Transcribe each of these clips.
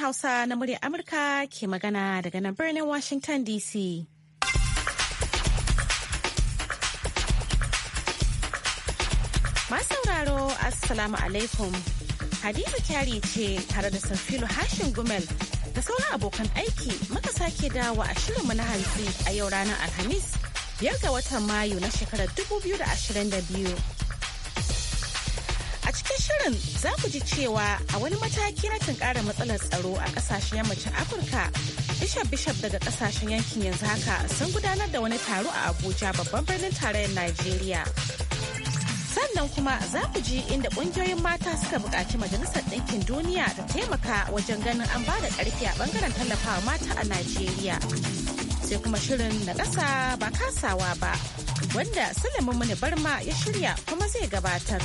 Hausa na muryar Amurka ke magana daga nan birnin Washington DC. Masu sauraro Assalamu alaikum. Hadiza kyari ce tare da Sanfilo Hashin Gumel da sauran abokan aiki muka sake dawa a shirinmu na hantsi a yau ranar Alhamis biyar ga watan Mayu na shekarar 2022. A cikin shirin za ku ji cewa a wani mataki na tunkara matsalar tsaro a kasashen yammacin Afirka, bishop-bishop daga kasashen yankin yanzu haka sun gudanar da wani taro a Abuja babban birnin tarayyar Najeriya. Sannan kuma za ku ji inda ƙungiyoyin mata suka buƙaci Majalisar Ɗinkin Duniya da taimaka wajen ganin an ba da ƙarfi a ɓangaren tallafawa mata a Najeriya. Sai kuma shirin na ƙasa ba kasawa ba, wanda Sulaiman Muni Barma ya shirya kuma zai gabatar.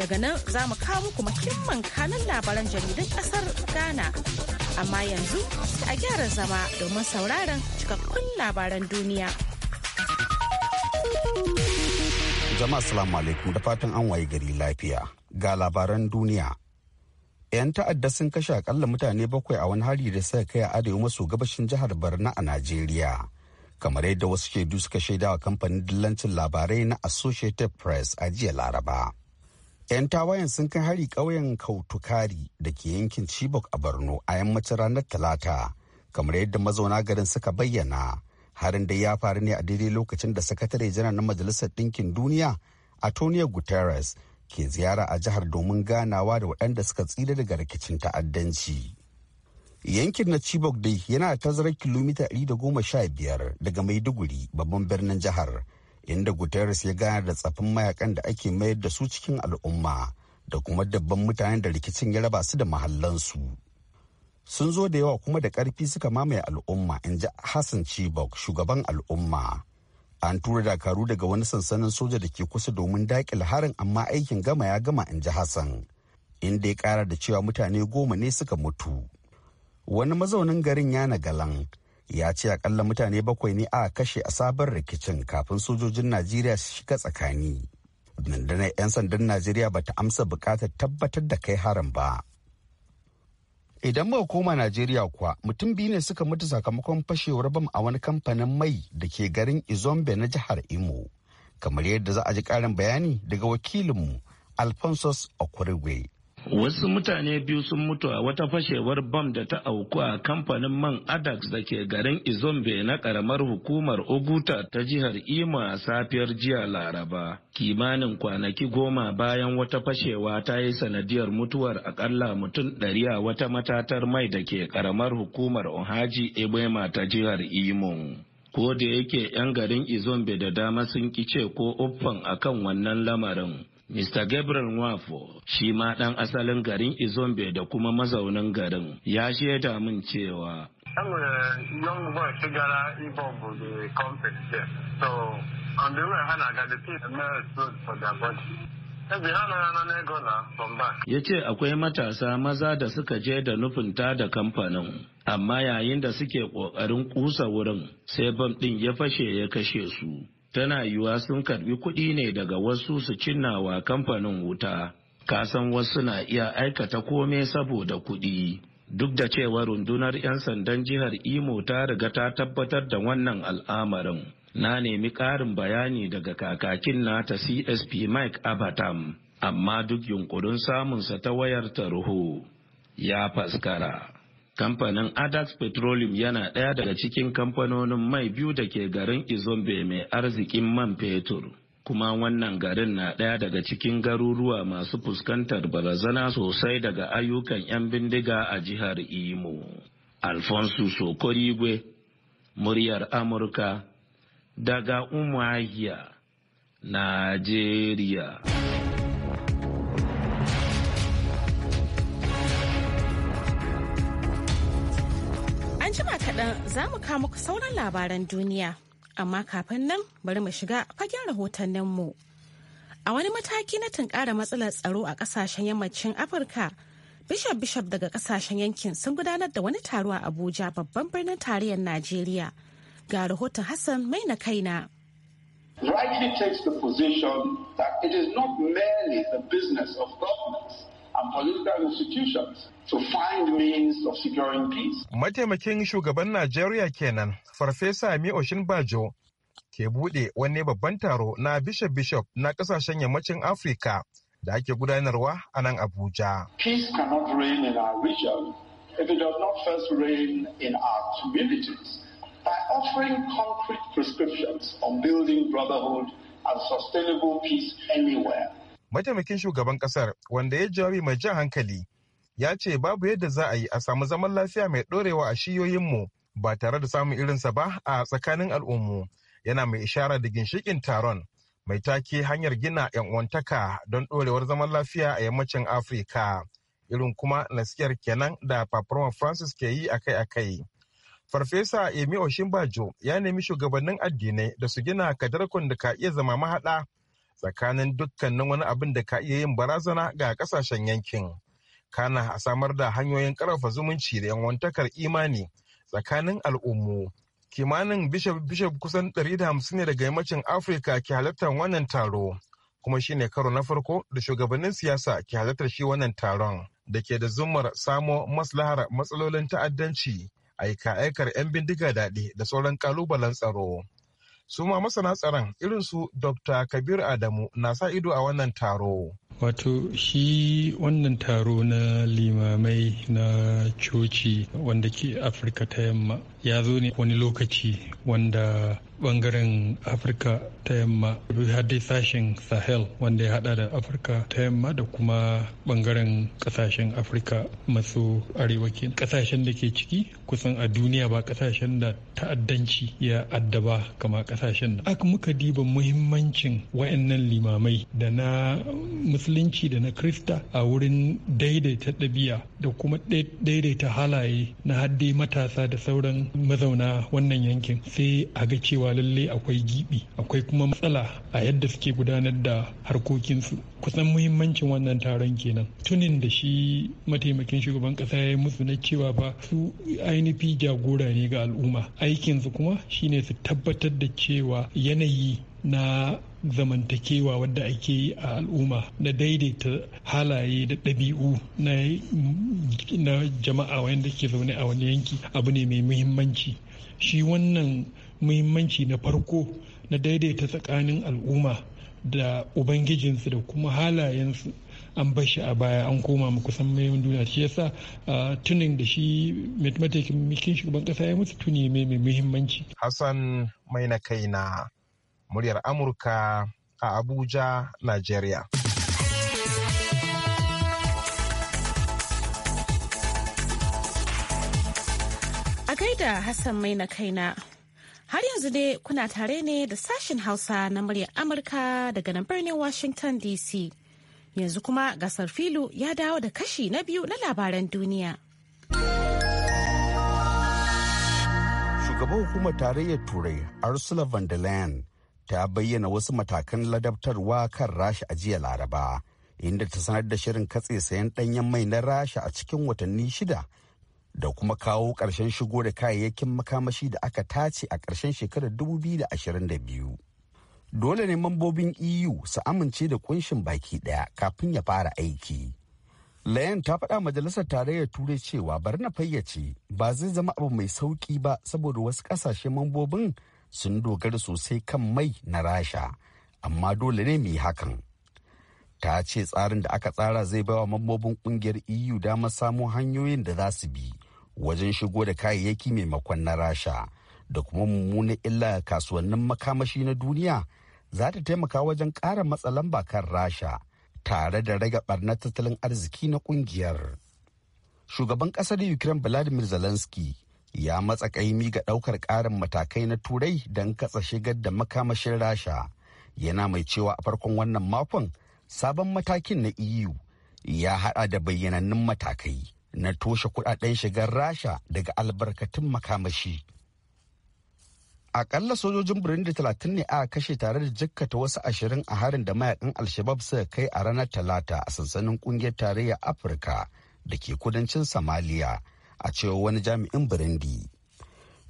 daga nan za mu kawo muku muhimman kanan labaran jaridun ƙasar ghana amma yanzu a gyara zama domin sauraron cikakkun labaran duniya jama'a salamu alaikum da fatan an waye gari lafiya ga labaran duniya 'yan ta'adda sun kashe akalla mutane bakwai a wani hari da suka kai a arewa maso gabashin jihar Barna a Najeriya. Kamar yadda wasu shaidu suka shaida wa kamfanin dillancin labarai na Associated Press a jiya Laraba. 'Yan tawayen sun kai hari ƙauyen Kautukari da ke yankin Chibok a Borno a yammacin ranar Talata, kamar yadda mazauna garin suka bayyana. Harin da ya faru ne a daidai lokacin da sakatare janar na Majalisar Ɗinkin Duniya, Antonio Guterres, ke ziyara a jihar domin ganawa da waɗanda suka tsira daga rikicin ta'addanci. Yankin na Chibok dai yana da tazarar kilomita 115 daga Maiduguri babban birnin jihar inda guterres ya gana da tsafin mayakan da ake mayar da su cikin al'umma da kuma dabban mutane da rikicin ya raba su da mahallansu sun zo da yawa kuma da ƙarfi suka mamaye al'umma in ji hassan chibok shugaban al'umma an tura dakaru daga wani sansanin soja da ke kusa domin daƙil harin amma aikin gama ya gama in ji hassan inda ya ƙara da cewa mutane goma ne suka mutu wani mazaunin garin ya galan ya ce akalla mutane bakwai ne a kashe a sabon rikicin kafin sojojin najeriya su shiga tsakani rundunar 'yan sandan najeriya ba ta amsa bukatar tabbatar da kai harin ba idan muka koma najeriya kuwa mutum biyu ne suka mutu sakamakon fashewar bam a wani kamfanin mai da ke garin izombe na jihar imo kamar yadda za a ji karin bayani daga wakilinmu alfonsos okurigwe Wasu mutane biyu sun mutu a wata fashewar bam da ta auku a kamfanin man Adax da ke garin Izombe na karamar hukumar Oguta ta jihar Imo a safiyar jiya Laraba. Kimanin kwanaki goma bayan wata fashewa ta yi sanadiyar mutuwar akalla mutum ɗari a wata matatar mai da ke karamar hukumar Ohaji Ebema ta jihar Imo. ko da yake 'yan garin izombe da dama sun kice ko uffan akan wannan lamarin Mr. Gabriel Nwafo shi ma ɗan asalin garin Izombe da kuma mazaunin garin ya shaida min cewa ya ce akwai matasa maza da suka je da nufinta da kamfanin amma yayin da suke ƙoƙarin ƙusa wurin sai bam ɗin ya fashe ya kashe su tana yiwuwa sun karbi kuɗi ne daga wasu su cinnawa kamfanin wuta kasan wasu na iya aikata kome saboda kuɗi duk da cewa rundunar 'yan sandan jihar imo ta riga ta tabbatar da wannan al'amarin na nemi ƙarin bayani daga kakakin nata csp mike abatam amma duk yunkurin samunsa ta wayar ta ruhu. ya faskara Kamfanin Adax Petroleum yana ɗaya daga cikin kamfanonin mai biyu da ke garin Izombe mai arzikin man fetur. Kuma wannan garin na ɗaya daga cikin garuruwa masu fuskantar barazana sosai daga ayyukan 'yan bindiga a jihar Imo. Alfonso Sokorigwe, muryar Amurka, daga Umuahia, Najeriya. kaɗan za mu kawo muku sauran labaran duniya, amma kafin nan bari mu shiga fagen rahotanninmu. A wani mataki na tunkara matsalar tsaro a ƙasashen yammacin Afirka, bishop bishop daga ƙasashen yankin sun gudanar da wani taro a abuja babban birnin tarayyar najeriya ga rahoton hassan mai na kaina rightly takes the position that it is not merely the business of governments to Mataimakin shugaban Najeriya kenan, Farfesa Mi Bajo, ke buɗe wani babban taro na Bishop Bishop na ƙasashen yammacin Afirka da ake gudanarwa a nan Abuja. Peace cannot reign in our region if it does not first reign in our communities by offering concrete prescriptions on building brotherhood and sustainable peace anywhere. mataimakin shugaban kasar wanda ya jawabi mai jan hankali ya ce babu yadda za a yi a samu zaman lafiya mai ɗorewa a shiyoyinmu ba tare da samun irinsa ba a tsakanin al'ummu yana mai ishara da ginshikin taron mai take hanyar gina 'yan uwantaka don ɗorewar zaman lafiya a yammacin afirka irin kuma nasiyar kenan da paparoma francis ke yi akai-akai farfesa emi oshimbajo ya nemi shugabannin addinai da su gina kadarkun da ka iya zama mahaɗa tsakanin dukkanin wani abin da ka iya yin barazana ga kasashen yankin kana a samar da hanyoyin ƙarfafa zumunci da yanwantakar imani tsakanin al'ummu kimanin bishop bishop kusan 150 ne daga yammacin afirka ke halartar wannan taro kuma shine karo na farko da shugabannin siyasa ke halartar shi wannan taron da ke da zumar samo maslahar matsalolin ta'addanci aika aikar 'yan bindiga daɗi da sauran ƙalubalen tsaro su ma masana tsaron irin su dr kabir adamu na sa ido a wannan taro wato shi wannan taro na limamai na coci wanda ke afirka ta yamma ya zo ne wani lokaci wanda bangaren afirka ta yamma haddi sashen sahel wanda ya hada da afirka ta yamma da kuma bangaren kasashen afirka masu arewa kenan kasashen da ke ciki kusan a duniya ba kasashen da ta'addanci ya addaba kama kasashen da aka muka diba muhimmancin wayannan limamai da na musulunci da na krista a wurin daidaita ɗabi'a da kuma daidaita halaye na haddi matasa da sauran mazauna wannan yankin sai a ga cewa cewa lallai akwai gibi akwai kuma matsala a yadda suke gudanar da harkokinsu kusan muhimmancin wannan taron kenan tunin da shi mataimakin shugaban kasa ya yi musu na cewa ba su ainihi jagora ne ga al'umma aikinsu kuma shine su tabbatar da cewa yanayi na zamantakewa wadda ake yi a al'umma na daidaita halaye da ɗabi'u na jama'a wanda ke zaune a wani yanki abu ne mai muhimmanci shi wannan muhimmanci na farko na daidaita tsakanin al'umma da ubangijinsu da kuma halayensu an bashi a baya an koma mu kusan mayan duniya shi yasa tunin da shi mataimakin shugaban kasa ya musu tuni mai mai muhimmanci hassan mai na kai na muryar amurka a abuja nigeria a gaida hassan mai na kaina Har yanzu dai kuna tare ne da sashen Hausa na muryar Amurka daga nan birnin Washington DC. Yanzu kuma gasar filu ya dawo da kashi na biyu na labaran duniya. Shugaban hukumar tarayyar Turai Ursula von der Leyen ta bayyana wasu matakan ladabtarwa kan rasha a jiya laraba inda ta sanar da shirin katse sayan ɗanyen mai na rasha a cikin watanni shida da kuma kawo ƙarshen shigo da kayayyakin makamashi da aka tace a ƙarshen shekarar 2022. Dole ne mambobin EU su amince da kunshin baki ɗaya kafin ya fara aiki. Layan ta faɗa majalisar tarayyar turai cewa bari na fayyace ba zai zama abu mai sauƙi ba saboda wasu ƙasashe mambobin sun dogara sosai kan mai na rasha amma dole ne mu hakan. ta ce tsarin da aka tsara zai baiwa mambobin kungiyar eu damar samo hanyoyin da za su bi wajen shigo da kayayyaki maimakon na rasha da kuma mummunan illa kasuwannin makamashi na duniya za ta taimaka wajen ƙara matsalan bakan rasha tare da rage barnar tattalin arziki na kungiyar shugaban ƙasar ukraine vladimir zelensky ya matsa kaimi ga ɗaukar ƙarin matakai na turai don katsa shigar da makamashin rasha yana mai cewa a farkon wannan makon sabon matakin na eu ya hada da bayyanannun matakai na toshe kudaden shigar rasha daga albarkatun makamashi akalla sojojin burundi talatin ne aka kashe tare da jikkata wasu ashirin a harin da mayakan alshabab suka kai a ranar talata a sansanin kungiyar tarayyar afirka da ke kudancin samaliya a cewa wani jami'in burundi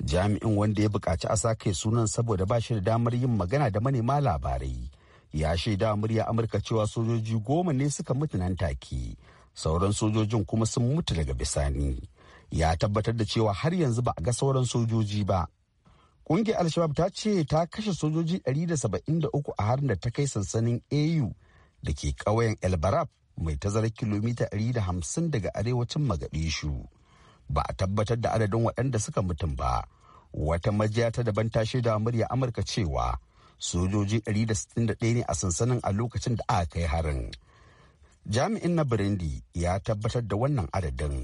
jami'in wanda ya buƙaci a sa kai sunan saboda ba shi da damar yin magana da manema labarai ya shaida murya amurka cewa sojoji goma ne suka mutu nan take sauran sojojin kuma sun mutu daga bisani ya tabbatar da cewa har yanzu ba a ga sauran sojoji ba ƙungiyar al ta ce ta kashe sojoji 173 a harin da ta kai sansanin au da ke ƙauyen elbarab mai tazarar kilomita 150 daga arewacin magadishu ba a tabbatar da adadin waɗanda suka mutum ba wata majiya ta daban ta shaida murya amurka cewa sojoji 161 ne a sansanin a lokacin da aka kai harin jami'in na burundi ya tabbatar da wannan adadin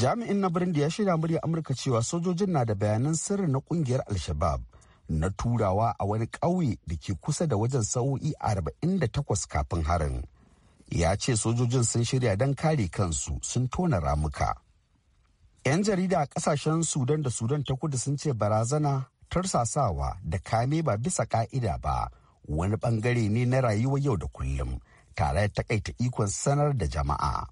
jami'in na burundi ya shirya murya amurka cewa sojojin na da bayanan sirri na kungiyar al-shabab na turawa a wani ƙauye da ke kusa da wajen sa'o'i 48 kafin harin ya ce sojojin sun shirya don kare kansu sun tona ramuka 'yan jarida a kasashen sudan da sudan ta kudu sun ce barazana tursasawa da kame ba bisa ka'ida ba wani bangare ne na rayuwa yau da kullum tare da takaita ikon sanar da jama'a.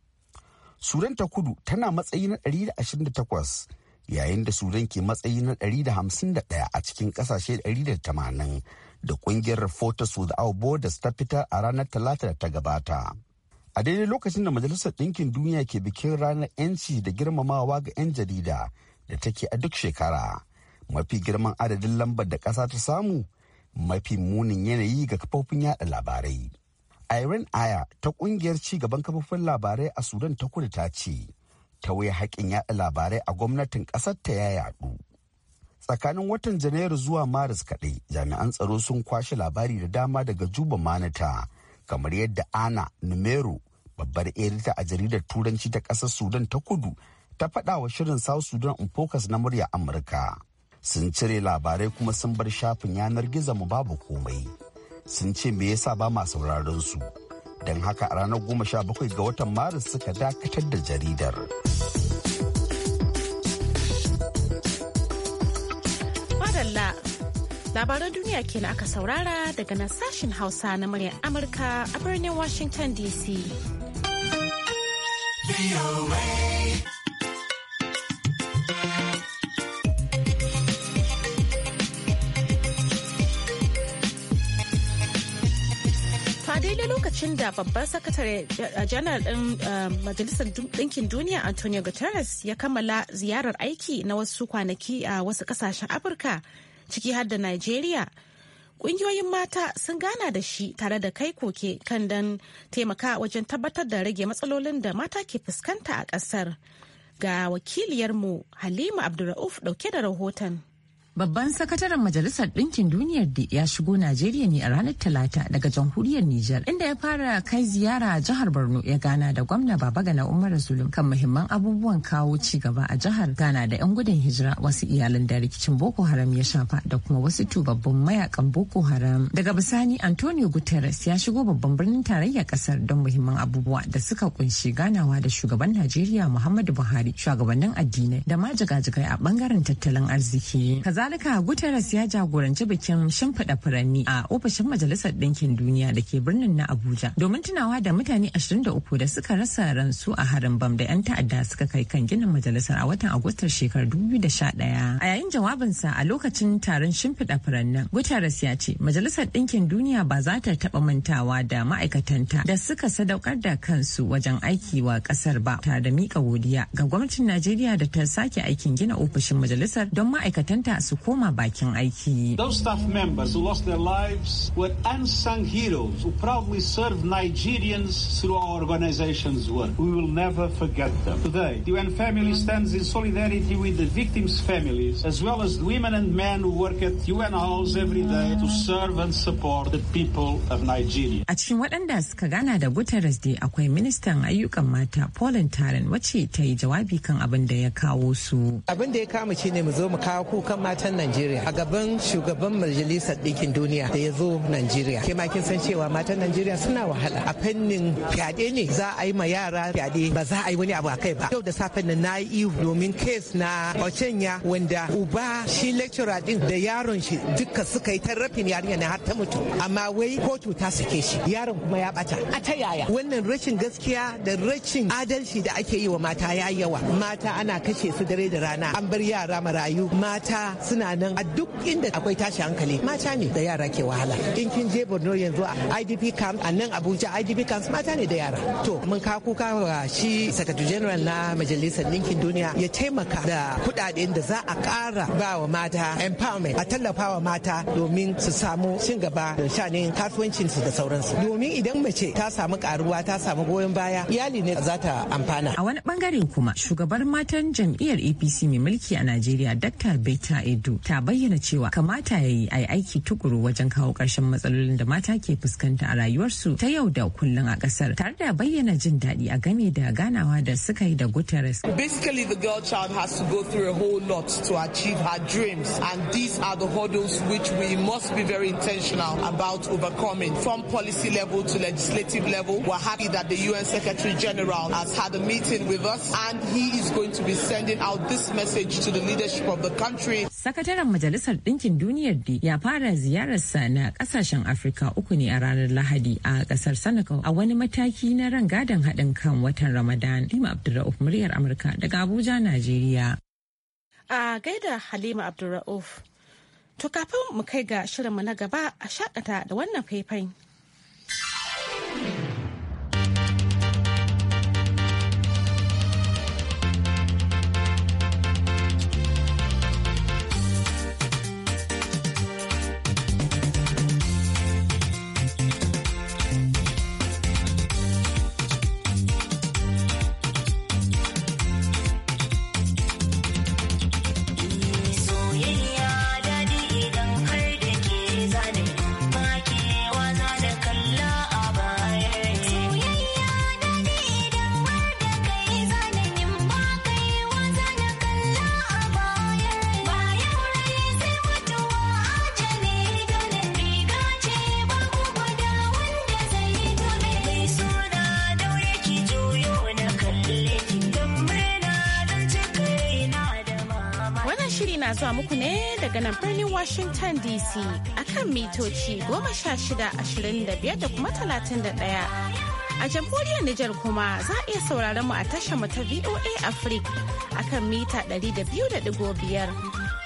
Sudan ta kudu tana matsayi na 128 yayin da Sudan ke matsayi na 151 a cikin kasashe 180 da kungiyar Reporters Without Borders ta fita a ranar Talata da ta gabata. A daidai lokacin da Majalisar Ɗinkin Duniya ke bikin ranar 'yanci da girmamawa ga 'yan jarida da take a duk shekara. mafi girman adadin lambar da ƙasa ta samu mafi munin yanayi ga kafofin yada labarai. Irene Aya ta ƙungiyar ci gaban kafofin labarai a Sudan ta kudu ta ce, ta tauye haƙƙin yada labarai a gwamnatin ƙasar ta ya yaɗu. Tsakanin watan Janairu zuwa Maris kaɗai jami'an tsaro sun kwashe labari da dama daga Juba Manita kamar yadda Ana Numero babbar erita a jaridar Turanci ta ƙasar Sudan ta kudu ta faɗa wa shirin South Sudan in Focus na murya Amurka. sun cire labarai kuma sun bar shafin yanar gizo mu babu komai sun ce me yasa ba ma sauraron su don haka a ranar goma sha bakwai ga watan maris suka dakatar da jaridar madalla labaran duniya kenan aka saurara daga nan sashen hausa na muryar amurka a birnin washington dc lokacin da babban sakatare eh, janar din eh, majalisar ɗinkin duniya antonio guterres ya kammala ziyarar aiki na wasu kwanaki a wasu ƙasashen afirka ciki har da nigeria ƙungiyoyin mata sun gana da shi tare da kai koke kan dan taimaka wajen tabbatar da rage matsalolin da mata ke fuskanta a ƙasar ga wakiliyarmu halima abdulra'uf ɗauke da rahoton Babban sakataren Majalisar Ɗinkin Duniyar da ya shigo Najeriya ne a ranar Talata daga jamhuriyar Nijar, inda ya fara kai ziyara a jihar Borno ya gana da gwamna Baba Babagana Umar Zulum kan muhimman abubuwan kawo ci gaba a jihar Ghana da 'yan gudun hijira wasu iyalan da rikicin Boko Haram ya shafa da kuma wasu tubabbun mayakan Boko Haram. Daga bisani Antonio Guterres ya shigo babban birnin tarayyar ƙasar, don muhimman abubuwa da suka kunshi ganawa da shugaban Najeriya Muhammadu Buhari, shugabannin addinai da ma jigajigai a bangaren tattalin arziki. Kazalika Guterres ya jagoranci bikin shimfiɗa furanni a ofishin Majalisar Ɗinkin Duniya da ke birnin na Abuja domin tunawa da mutane 23 da suka rasa ransu a harin bam da 'yan ta'adda suka kai kan ginin majalisar a watan Agustar shekarar 2011. A yayin jawabinsa a lokacin taron shimfiɗa furannin, Guterres ya ce Majalisar Ɗinkin Duniya ba za ta taɓa mantawa da ma'aikatanta da suka sadaukar da kansu wajen aiki wa ƙasar ba tare da miƙa godiya ga gwamnatin Najeriya da ta sake aikin gina ofishin majalisar don ma'aikatanta su su koma bakin aiki. Those staff members who lost their lives were unsung heroes who proudly served Nigerians through our organization's work. We will never forget them. Today, the UN family stands in solidarity with the victims' families as well as the women and men who work at UN House every day to serve and support the people of Nigeria. A cikin waɗanda suka gana da Guterres dai akwai ministan ayyukan mata Pauline Taran wacce ta yi jawabi kan abin da ya kawo su. Abin da ya kama shi ne mu zo mu kawo kukan mata matan Najeriya a gaban shugaban majalisar ɗinkin duniya da ya zo Najeriya. Ke kin san cewa matan Najeriya suna wahala a fannin fyaɗe ne za a yi ma yara fyaɗe ba za a yi wani abu a kai ba. Yau da safe nan na yi ihu domin kes na Ochenya wanda uba shi lecturer din da yaron shi duka suka yi tarrafin yarinya na har ta mutu amma wai kotu ta sake shi yaron kuma ya ɓata a ta yaya wannan rashin gaskiya da rashin adalci da ake yi wa mata ya yawa mata ana kashe su dare da rana an bar yara marayu mata suna nan a duk inda akwai tashi hankali mata ne da yara ke wahala in kin je borno yanzu a idp camp a nan abuja idp camps mata ne da yara to mun ka kuka wa shi secretary general na majalisar ɗinkin duniya ya taimaka da kudaden da za a kara ba wa mata empowerment a tallafa wa mata domin su samu cin gaba da shanin kasuwancinsu da sauransu domin idan mace ta samu karuwa ta samu goyon baya iyali ne za ta amfana a wani bangare kuma shugabar matan jam'iyyar apc mai mulki a najeriya dr beta ta bayyana cewa kamata ya yi aiki tukuru wajen kawo ƙarshen matsalolin da mata ke fuskanta a rayuwarsu ta yau da kullum a ƙasar tare da bayyana jin daɗi a game da ganawa da suka yi da Guterres. Basically the girl child has to go through a whole lot to achieve her dreams and these are the hurdles which we must be very intentional about overcoming from policy level to legislative level. We're happy that the UN Secretary General has had a meeting with us and he is going to be sending out this message to the leadership of the country. Sakataren Majalisar Ɗinkin Duniyar D ya fara ziyararsa na ƙasashen Afirka uku ne a ranar Lahadi a ƙasar Senegal a wani mataki na gadon haɗin kan watan Ramadan. Lima Abdulra'uf muryar Amurka daga Abuja, Najeriya. A gaida Halima Abdulra'uf. To kafin mu kai ga shirinmu na gaba a shakata da wannan faifan. zuwa muku ne daga nan birnin Washington DC akan mitoci 1625 da kuma 31. A jamhuriyar Nijar kuma za a iya sauraron mu a tashar mu ta VOA Africa akan mita 200.5.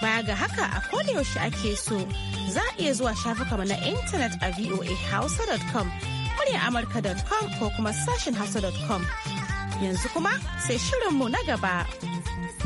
Baya ga haka a yaushe ake so za a iya zuwa shafukanmu na intanet a voahausa.com, amurka.com ko kuma sashen hausa.com. Yanzu kuma sai shirinmu na gaba.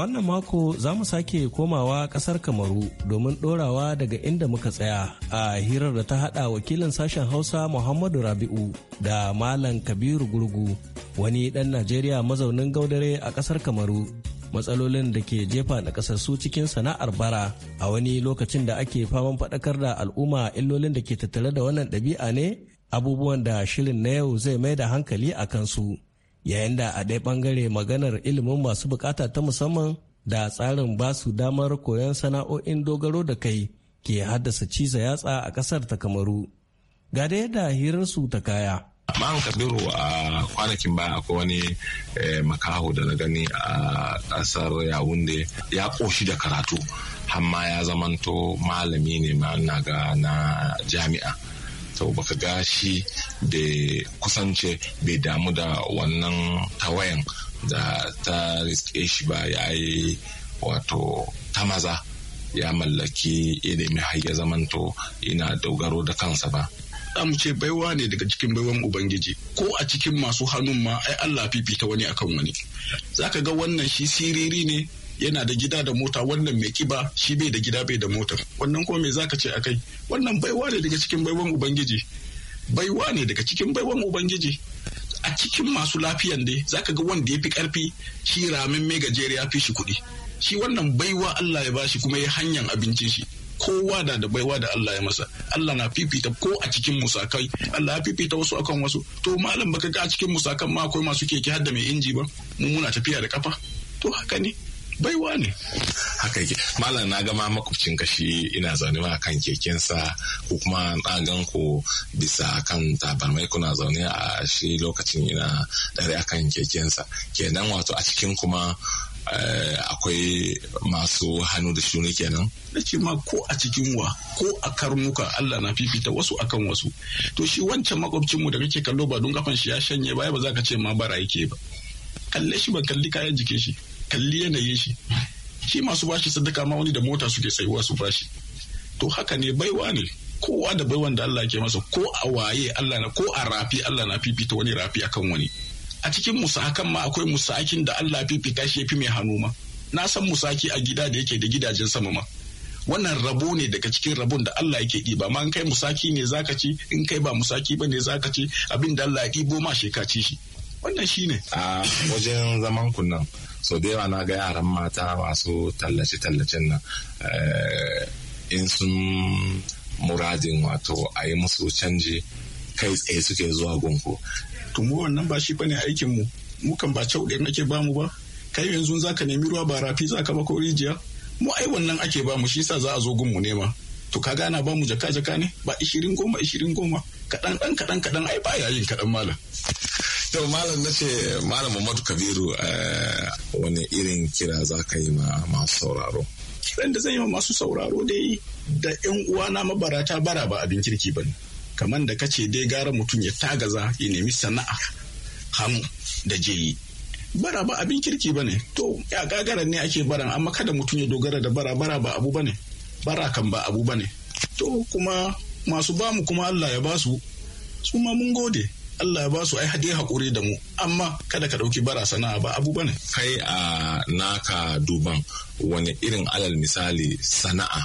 wannan mako za mu sake komawa kasar Kamaru domin dorawa daga inda muka tsaya a hirar da ta haɗa wakilin sashen Hausa Muhammadu Rabi'u da Malam Kabiru Gurgu wani dan Najeriya mazaunin gaudare a kasar Kamaru. Matsalolin da ke jefa na kasarsu cikin sana'ar bara a wani lokacin da ake faman faɗakar da al'umma illolin da ke tattare da wannan ɗabi'a ne abubuwan da shirin na yau zai mai da hankali a kansu. yayin da a ɗaya ɓangare maganar ilimin masu bukata ta musamman da tsarin basu damar koyon sana'o'in dogaro da kai ke haddasa ciza yatsa a ƙasar ta kamaru ga da yadda hirarsu ta kaya an kabiru a kwanakin baya akwai wani eh, makaho da na gani a ƙasar yawunde ya ƙoshi da karatu hamma ya zamanto malami ne ma na ga na jami'a saboda baka ga shi da kusance bai damu da wannan tawayan da ta riske shi ba ya yi wato ta maza ya mallaki ilimi har ya zamanto ina dogaro da kansa ba mu ce baiwa ne daga cikin baiwan ubangiji ko a cikin masu hannun ma ai Allah fifita wani akan wani Za ka ga wannan shi siriri ne yana da gida da mota wannan mai kiba shi bai da gida bai da mota wannan kuma me zaka ce a kai wannan baiwa ne daga cikin baiwan ubangiji baiwa ne daga cikin baiwan ubangiji a cikin masu lafiyan dai zaka ga wanda ya fi karfi shi ramin mai gajere ya fi shi kuɗi shi wannan baiwa Allah ya bashi kuma ya hanyar abincin shi kowa da da baiwa da Allah ya masa Allah na fifita ko a cikin musakai Allah ya fifita wasu akan wasu to malam baka ga a cikin musakan ma akwai masu keke har da mai inji ba mu muna tafiya da kafa to haka ne baiwa ne haka yake malam na gama makwabcin kashi ina zaune a kan kekensa ko kuma na gan ku bisa kan tabarmai kuna zaune a shi lokacin ina dare a akan kekensa kenan wato a cikin kuma eh, akwai masu hannu da shuni kenan na ce ma ko a cikin wa ko a karnuka Allah na fifita wasu akan wasu to shi wancan makwabcinmu da kake kallo ba don kafan shi ya shanye ba ba za ka ce ma bara yake ba kalle shi ba kalli kayan jikin shi kalli yanayin shi shi masu bashi sadaka ma wani da mota suke tsayuwa su bashi to haka ne baiwa ne kowa da baiwan da Allah ke masa ko a waye Allah na ko a rafi Allah na fifita wani rafi akan wani a cikin musakan ma akwai musakin da Allah fifita shi fi mai hannu ma na san musaki a gida da yake da gidajen sama ma wannan rabo ne daga cikin rabon da Allah yake ɗiba ma in kai musaki ne zaka ci in kai ba musaki ba ne zaka ci abin da Allah ya ɗibo ma shi ka ci shi wannan shine a wajen zaman kunnan so da yawa na ga yaran mata masu tallace-tallacen nan eh, in sun muradin wato a yi musu canji kai tsaye suke zuwa gunku. Tumu wannan ba shi bane aikin mu, mu ba cauɗe nake ba mu ba, kai yanzu za ka nemi ruwa ba rafi za ka ba ko rijiya, mu ai wannan ake bamu shi sa za a zo gunmu nema. To ka gana bamu jaka jaka ne ba ishirin goma ishirin goma kaɗan ɗan kaɗan kaɗan ai ba yayin kaɗan malam. to malam na ce malam Muhammadu Kabiru eh, wani irin kira za ka yi ma masu sauraro. Kiran da zan yi wa masu sauraro dai da 'yan uwana mabarata bara ba abin kirki ba Kamar da kace dai gara mutum ya tagaza ya nemi sana'a hannu da je yi. Bara ba abin kirki ba ne. To ya gagara ne ake baran amma kada mutum ya dogara da bara bara ba abu ba ne. Bara kan ba abu ba ne. To kuma masu bamu kuma Allah ya basu. suma mun gode. Allah ya ba su ai hade hakuri da mu amma kada ka dauki bara sana'a ba abu bane kai a naka duban wani irin alal misali sana'a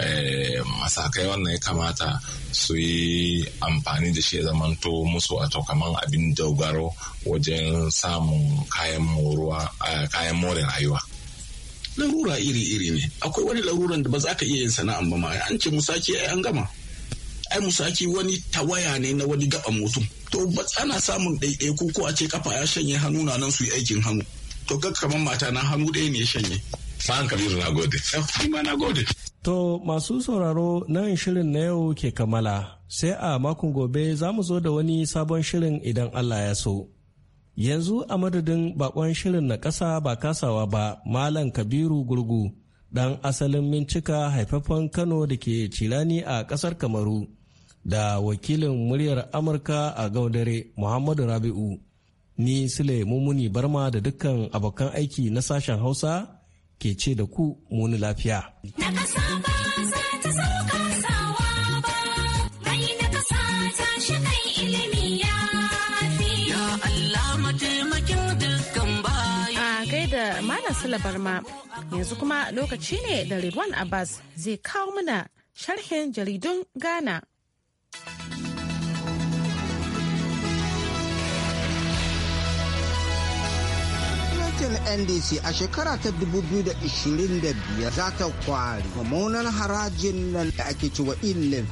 eh, masakai wannan ya kamata su yi amfani da shi zamanto musu a to kaman abin dogaro wajen samun kayan moruwa kayan more rayuwa larura iri-iri ne akwai wani laruran da ba za ka iya yin sana'an ba ma an ce musaki an gama ai musaki wani tawaya ne na wani gaban mutum to ana samun ɗaiɗai ko a ce kafa ya shanye hannu na nan su yi aikin hannu to ga kaman mata na hannu ɗaya ne ya shanye Sa'an Kabiru na gode. Eh, na gode. To masu sauraro nan shirin na yau ke kammala sai a makon gobe za mu zo da wani sabon shirin idan Allah ya so. Yanzu a madadin bakon shirin na ƙasa ba kasawa ba Malam Kabiru Gurgu ɗan asalin mincika haifafan Kano da ke cirani a ƙasar Kamaru da wakilin muryar Amurka a gaudare Muhammadu Rabi'u. Ni Sule Mumuni Barma da dukkan abokan aiki na sashen Hausa ke ce da ku muni lafiya. Malam Sula Barma yanzu kuma lokaci ne da Ridwan Abbas zai kawo mana sharhin jaridun Ghana. gwamnatin ndc a shekara ta 2025 za ta kwari mummunan harajin nan da ake ciwa ilimin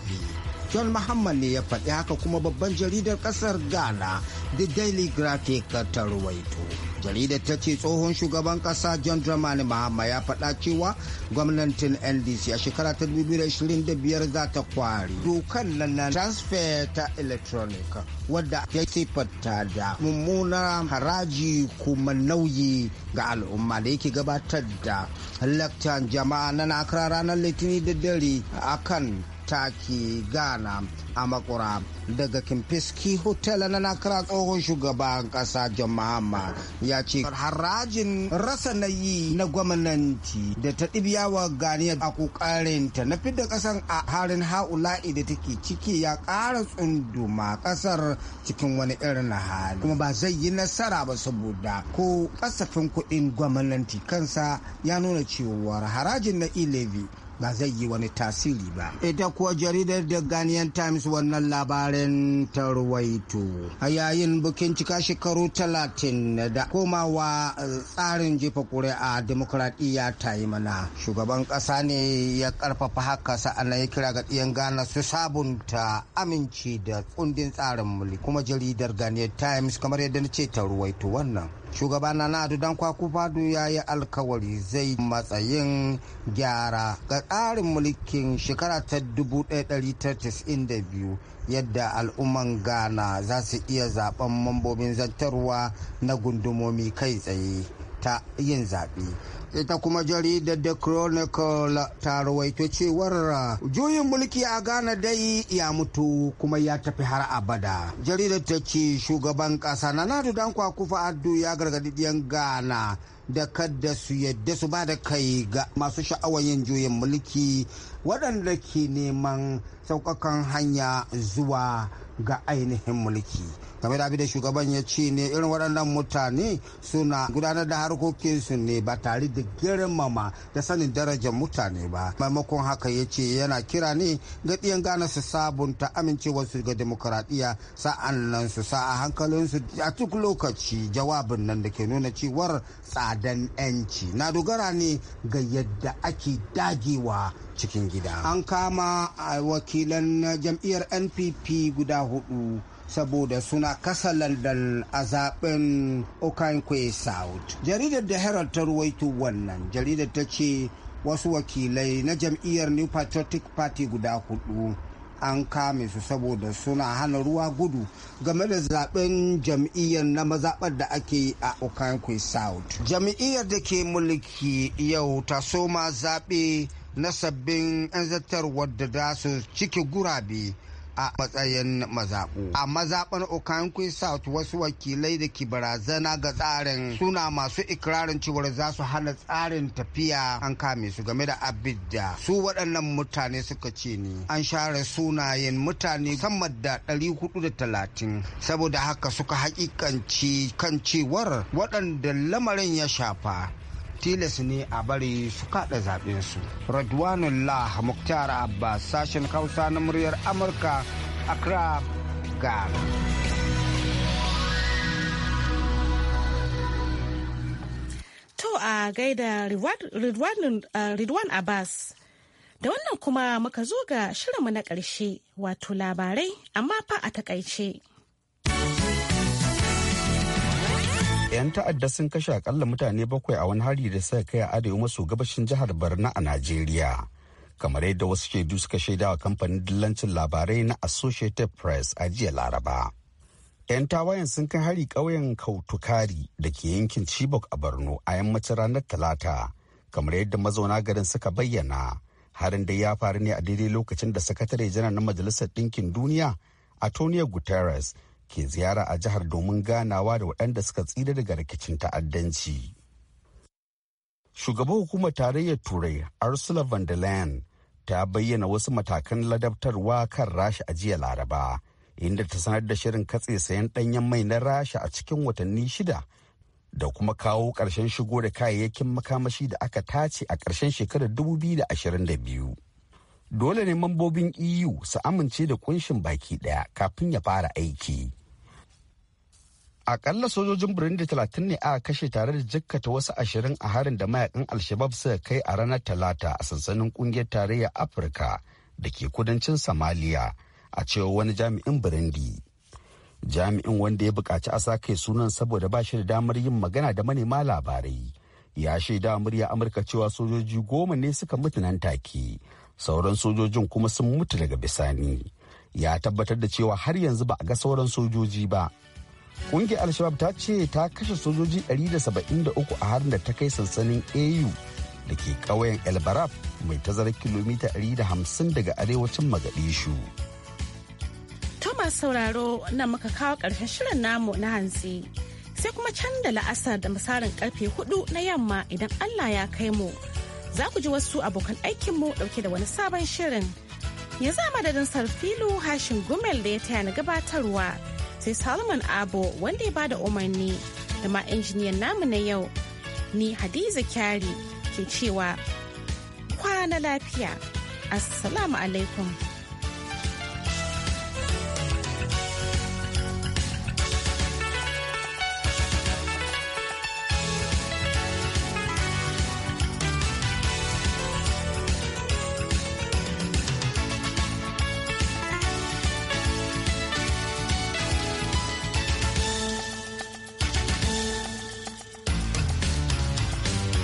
john muhammad ne ya faɗi haka kuma babban jaridar ƙasar ghana the daily graphic ta ruwaito Jarida ta ce tsohon shugaban kasa john dramani mahama ya faɗa cewa gwamnatin ndc a shekara ta 2025 za ta kwari dokan nan transfer ta electronic wadda ya siffanta da mummunar haraji kuma nauyi ga al'umma da yake gabatar da lakcan jama'a na nakara ranar litinin da dare akan ta ke ghana a makura daga kimfiski hotel na nakara tsohon shugaban kasa john mahama ya ce harajin rasa na yi na gwamnati da ta ɗibiyawa ganiyar a ta na fidda ƙasar a harin ha'ula'i da take ciki ya ƙara tsunduma ƙasar cikin wani irin hali kuma ba zai yi nasara ba saboda ko kasafin kuɗin gwamnati kansa ya nuna cewar harajin na ilevi ba zai yi wani tasiri ba. Ita kuwa jaridar The Ghanaian Times wannan labarin ta ruwaito. A yayin bikin cika shekaru talatin da komawa eh, tsarin jefa ƙuri'a demokuraɗiyya ta yi mana. Shugaban ƙasa ne ya ƙarfafa haka sa'ana ya kira ga ɗiyan Ghana su sabunta aminci da kundin tsarin mulki. Kuma jaridar Ghanaian Times kamar yadda na ce ta ruwaito wannan. shugaba na nadu dan kwaku fadu ya yi alkawari zai matsayin gyara ga tsarin mulkin shekara ta 1992 yadda al'umman ghana za su iya zaben mambobin zantarwa na gundumomi kai tsaye ta yin zaɓe ita kuma jaridar da chronicle ta rawaito cewar juyin mulki a ghana dai ya mutu kuma ya tafi har abada jaridar ta ce shugaban kasa na nadu dan kwakufa addu ya gargadi diyan ghana da kadda su yadda su ba da kai ga masu sha'awar yin juyin mulki waɗanda ke neman sauƙaƙan hanya zuwa ga ainihin mulki kamar da da shugaban ya ci ne irin waɗannan mutane suna gudanar da harkokinsu ne ba tare da girmama da sanin darajar mutane ba maimakon haka ya ce yana kira ne ga ɗiyan gane su sabunta amincewarsu ga demokuraɗiyya sa'an nan su sa a hankalinsu a duk lokaci jawabin nan da ke nuna cewar tsadan 'yanci na dogara ne ga yadda ake dagewa cikin gida an kama wakilan eh, jam'iyyar npp guda hudu saboda suna kasa London a zaben okankwe South. Jaridar da Herald ta ruwaito wannan jaridar ta ce wasu wakilai na jam'iyyar New Patriotic Party guda hudu an kame su saboda suna hana ruwa gudu game da zaben jam'iyyar na mazaɓar da ake yi a okankwe South. Jam'iyyar da ke mulki yau ta soma zaɓe na sabbin 'yan zartarwar da za su cike gurabe a matsayin mazaɓu. A mazaɓar Okankwi South wasu wakilai da ke barazana ga tsarin suna masu ikirarin cewar za su hana tsarin tafiya an kame su game da abidda. Su waɗannan mutane suka ce ni an share sunayen mutane sama da ɗari hudu da talatin. Saboda haka suka haƙiƙanci kan cewar waɗanda lamarin ya shafa tilas ne a bari su kada zaɓen su radwanullah muktar abbas sashen hausa na muryar amurka accra ghana to a gaida ridwan abbas da wannan kuma muka zo ga shirinmu na ƙarshe wato labarai amma fa a takaice. 'yan ta'adda sun kashe akalla mutane bakwai a wani hari da suka kai a arewa maso gabashin jihar Barna a Najeriya. Kamar yadda wasu shaidu suka shaida wa kamfanin dillancin labarai na Associated Press a jiya Laraba. 'Yan tawayen sun kai hari ƙauyen Kautukari da ke yankin Chibok a Borno a yammacin ranar Talata, kamar yadda mazauna garin suka bayyana. harin da ya faru ne a daidai lokacin da sakatare janar na majalisar ɗinkin duniya antonio guterres ke ziyara a jihar domin ganawa da waɗanda suka tsira daga rikicin ta'addanci. Shugaban hukumar tarayyar Turai Ursula von der Leyen ta bayyana wasu matakan ladabtarwa kan rasha a jiya Laraba, inda ta sanar da shirin katse sayan ɗanyen mai na rasha a cikin watanni shida da kuma kawo ƙarshen shigo da kayayyakin makamashi da aka tace a ƙarshen shekarar 2022. dole ne mambobin eu su amince da kunshin baki daya kafin ya fara aiki akalla sojojin burundi talatin ne aka kashe tare da jikkata wasu ashirin a harin da mayakan alshabab suka kai a ranar talata a sansanin kungiyar tarayyar afirka da ke kudancin samaliya a cewa wani jami'in burundi jami'in wanda ya buƙaci a sake sunan saboda ba shi da damar yin magana da manema labarai ya shaida murya amurka cewa sojoji goma ne suka mutu nan take sauran sojojin kuma sun mutu daga bisani ya tabbatar da cewa har yanzu ba a ga sauran sojoji ba ƙungiyar shabab ta ce ta kashe sojoji 173 a harin da ta kai sansanin au da ke ƙauyen elbaraf mai tazara kilomita 150 daga arewacin magadishu thomas sauraro na muka kawo ƙarshen shirin namu na hantsi sai kuma can da la'asar da misalin karfe 4 na yamma idan allah ya kai mu. za ku ji wasu abokan aikinmu ɗauke da wani sabon shirin. Ya za madadin Sarfilu Hashin Gumel da ya taya na gabatarwa sai Salman Abo wanda ya bada umarni da ma injiniyan namu na yau. Ni Hadiza Kyari ke cewa kwana lafiya. Assalamu alaikum.